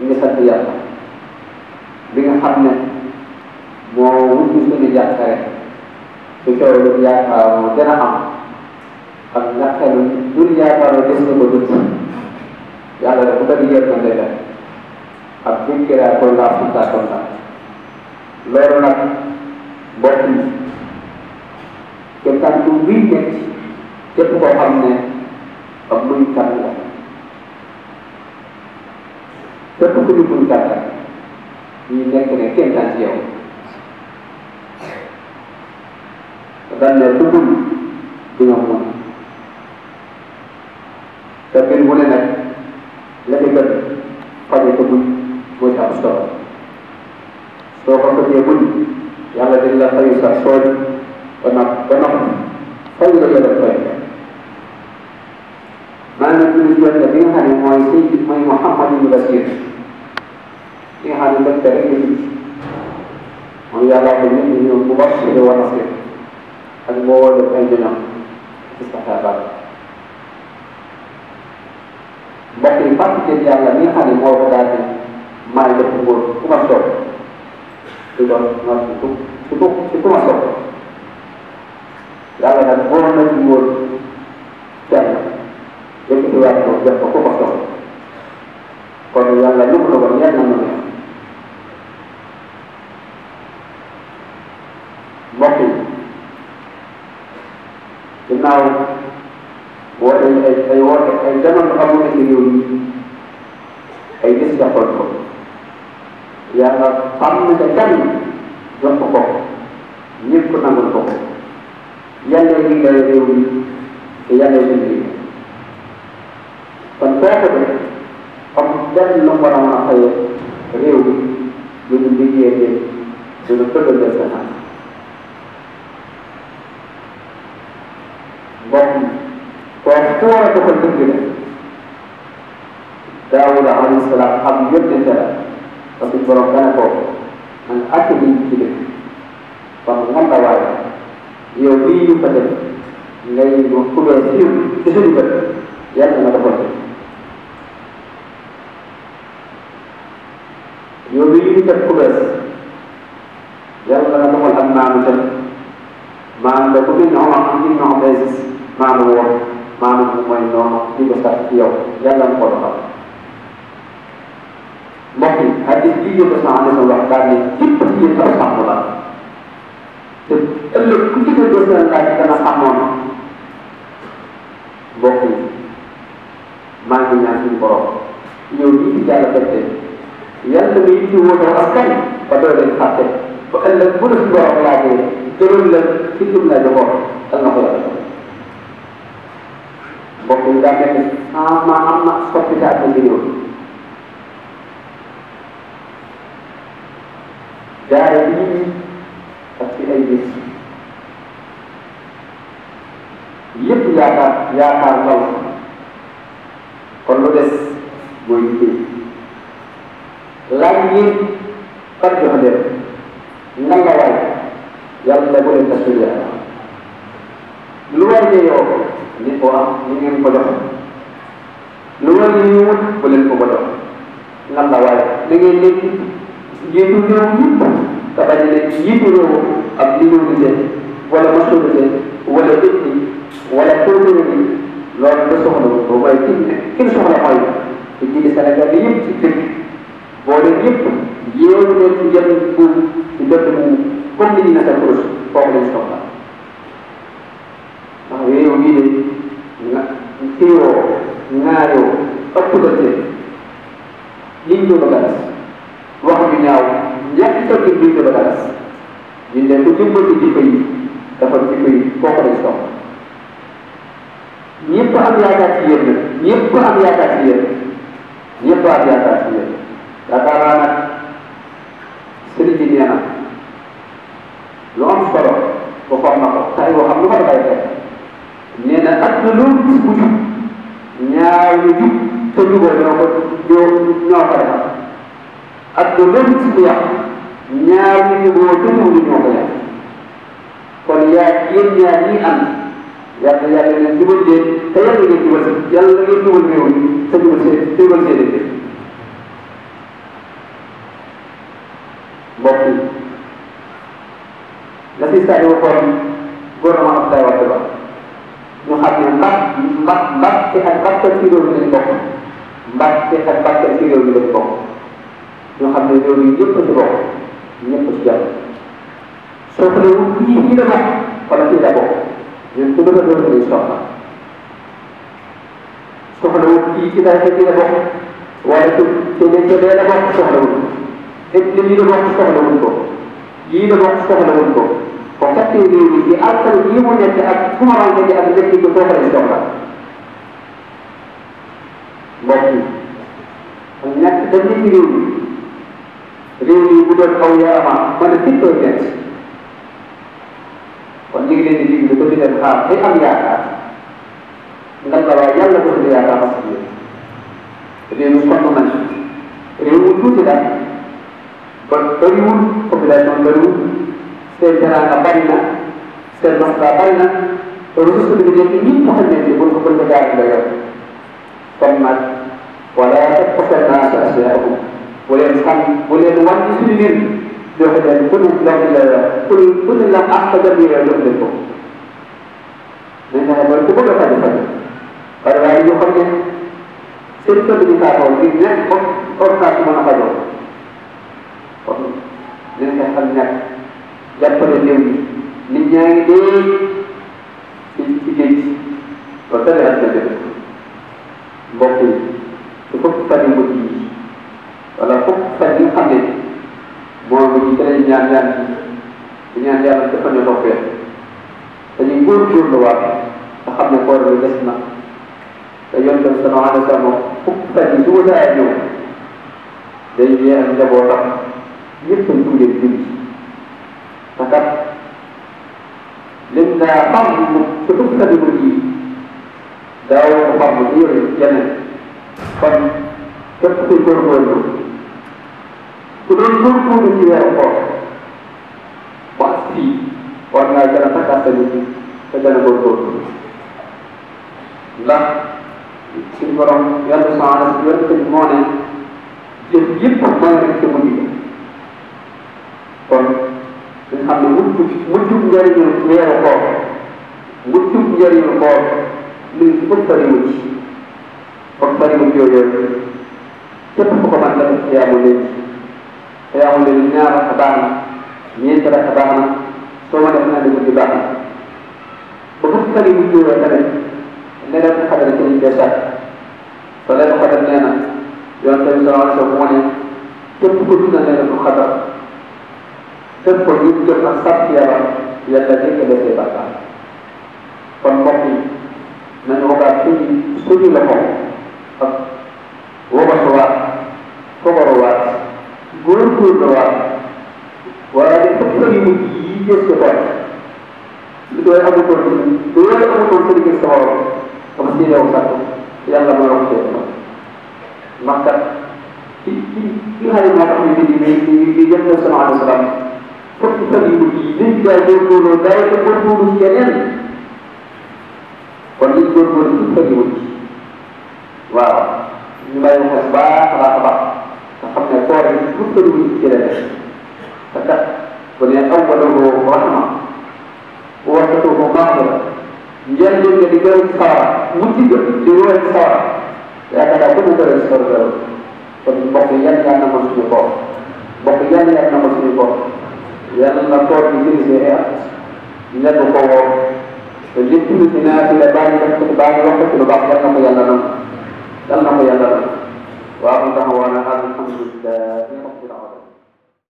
misal yàlla bi nga xam ne moo wut suñu jàkkare su coow lu yaakaaroo gën a am ak ñàkk lu dul yaakaaroo gis nga ko dut yàlla dafa bëri yërmande la ak fikira ko laa sunta ko la loolu nag bokk yi te tànk bii nekk képp koo xam ne ak muy tànn la 在的，你那可能电站只有。Dan dia tutup dengan mana? Tapi boleh nak lebih ber pada itu pun stop. Stop apa dia pun yang lebih di dalam الله نبيه مبشر ونصير المول عندنا ci saxaaba mbokk yi fàttali yàlla mi nga xam ne moo ko daal di maay def ngóor ku ma soog di doon ma su su su ku ma soog yàlla nag boo na ci ngóor kenn yëkkati waat ko jox ko ku ma soog kon yàlla yëpp la ko ñeent na mu ginnaaw woo ay ay ay woote ay jamono xamul ci réew yi ay gis nga xool ko yàlla xam na ca kan jox ko ko ñëpp ko nangul ko ko yàlla yi day réew yi te yàlla yi liggéey kon kooku de am benn lu war a mën a xëyee réew mi lu ñu liggéeyee lu ñu وأسطورة كل داود عليه السلام حبيبني ترى فكنت ربنا فوق أن أكل كده فمن واحد يوبي بدل لي مكتوب يسير تسير بدل يعني ما تقول يوبي تكتب يسير يعني ما تقول أما عمتك ما عندكم إنهم عاملين معهم بيزيس maanu woon maanu bu mooy noonu li nga sax ci yow yàlla na ko doxal mbokk yi xadis bii yëpp sax ne ma wax daal ne képp ci yéen sax sàmm la te ëllëg ku ci doon doon laaj dana xamoon mbokk yi maa ngi ñaan suñu borom yow lii di jàll fekk yàlla nga meninggalkan sama anak seperti saat beliau. Jadi, seperti Iblis. Ia piyakar, piyakar kau. Kondodes, boyiti. Langit, terjohadir. Nangawai, yang tidak boleh tersudah. Luar dia, ni ko am ni ngeen ko jox lu ngeen li ñu wut bu leen ko ko jox lan la waaye da ngeen nekk jiitu réew mi te bañ nekk jiitu réew ak li ñu gisee wala maturité wala ethnie wala culture bi loolu da soxla ko waaye ki ki soxla mooy te jigi Sénégal yëpp ci dëkk boo leen yëpp yéewu leen ci jënd pour ci dëkk bu comme ni ñu nekkal foofu lañ soxla jëf liñ do bagaas wax ju ñaaw ñettal ci biir bagaas ñu ne ku jëmbal ci jikko yi dafa jikko yi kooku lay soxla ñëpp am yaakaar ci yéen ñëpp am yaakaar ci yéen ñëpp am yaakaar ci yéen yu te Louga ñoo ko ñoo ñoo ko defar ak le même ci bi yàq ñaar ñu ñu boo tënkuwul ñoo ko yàq kon yaa yéen ñaar ñi am yàlla yàlla ngeen jubal leen te yàlla ngeen jubal yàlla ngeen jubal réew mi te jubal seen te jubal seen i mbokk yi la si saa yoo xool gouvernement Abdoulaye Wade ba ñu xam ne mbaa mbaa mbaa ci ak mbaa ci loolu lañ bokk mbàcce ak mbàcce ci réew mi lañ bokk ñu xam ne réew yi ñëpp ci bokk ñëpp ci jàpp soo ko wu fii fii la bokk wala fii la bokk ñun ku bëgg a doon lay soxla soxla wu fii ci daanaka fii la bokk waaye te te te dee la bokk soxla wu et te lii la bokk soxla wuñ ko lii la bokk soxla wuñ ko ba fekkee réew yi di àttal yi mu nekk ak fu ma ak lépp yi ko soxla mbokk yi ak ñàkk ba nit réew mi réew mi bu doon xaw yaramam mën a six pour cent kon ñu ngi leen di digg ba di leen xaar day am yaakaar ndax waaye yàlla ko tudd yaakaar parce que réew mi sonn nañ réew mi tuuti daal ba bëriwul population bëriwul seen teraanga bari na seen masla bari na te ressource bi nekk ñi nga xam ne bu ko bëgg a jaar nga yor kon nag wala tattaxal naa asyaahum bu leen xam bu leen wàññi suñu mbir joxe leen ku ne la ku ne ku ne la ak sa jëm yore jox ko dañ ne mooy ku bëgg a faj faj waaye waaye ñu xam ne seen kër bi saatoo ngir nekk comme ordonnance mën a fajoo kon dañ koy xam ñàkk jàppale néew yi nit ñaa ngi dee ci ci géej ba tële ak la الواقع أخذنا كور وجسمة فيمكن صنعنا سمو خفة جدودة اليوم زي دي أنا بورا يمكن توجد جديد فقط لأن قبل تكفى بمجيد دور قبل دير الجنة قد تكفي كربون كلون كربون جيدا وقوة وأسفي وأنا جنتك أسلوكي te gën a góorgóorlu ndax suñu borom yàlla subhaanahu wa taala moo ne jëf yëpp mooy rek te mujj kon dañ xam ne mujj mujjub njëriñu weeru koor mujjub njëriñu koor luy fëj bari mujj kon bari mujj yooyu képp ku ko mën la def yaa ngi leen yaa ngi leen ñaar ak baax na ñeent rek baax na soo ma def na koy wujjoo leneen leneen bu xamee dañ koy desaat te leneen bu xamee nee na yoon tamit sama wàllu moo ne képp ku dund na leneen bu xadar def ko ñu jot ak sàpp yàlla yàlla dégg desee bàkkaar kon mbokk yi nañu waxaat suñu suñu loxo ak wobasuwaat fogoruwaat góorgóorluwaat waaye fukki yi mujj yi jël ci bopp li doon amutoon lu doon amutoon sa diggante sa borom comme si yow sax yàlla mooy wax dëgg ndax kat ci ci ci xale yi nga xam ne bii nii nii nii yëpp la sama alayhi salaam comme ci fan yu mujj yi dañ ci daal góorgóorloo daay ko góorgóorlu ci yeneen kon liñ góorgóorlu ci fan yu mujj waaw ñu bàyyi xel baax a baax a baax nga xam ne koor yi pour fan yu mujj ci la def te kat bu ne aw ma doon ko bu baax la njëriñ la di gërëm sawar mu ci gën di wéyal sawar yaakaar naa ku mu gërëm sawar gërëm kon mbokk yan yaa na ma suñu bopp mbokk yan yaa na ma suñu bopp yàlla na toog di dirigé ay at ko woo te lépp lu ci naa ci la bàyyi def ko ci baax wax ko ci lu baax yàlla na ko yàlla nam yàlla na ko yàlla nam waaw taxawaana alhamdulilah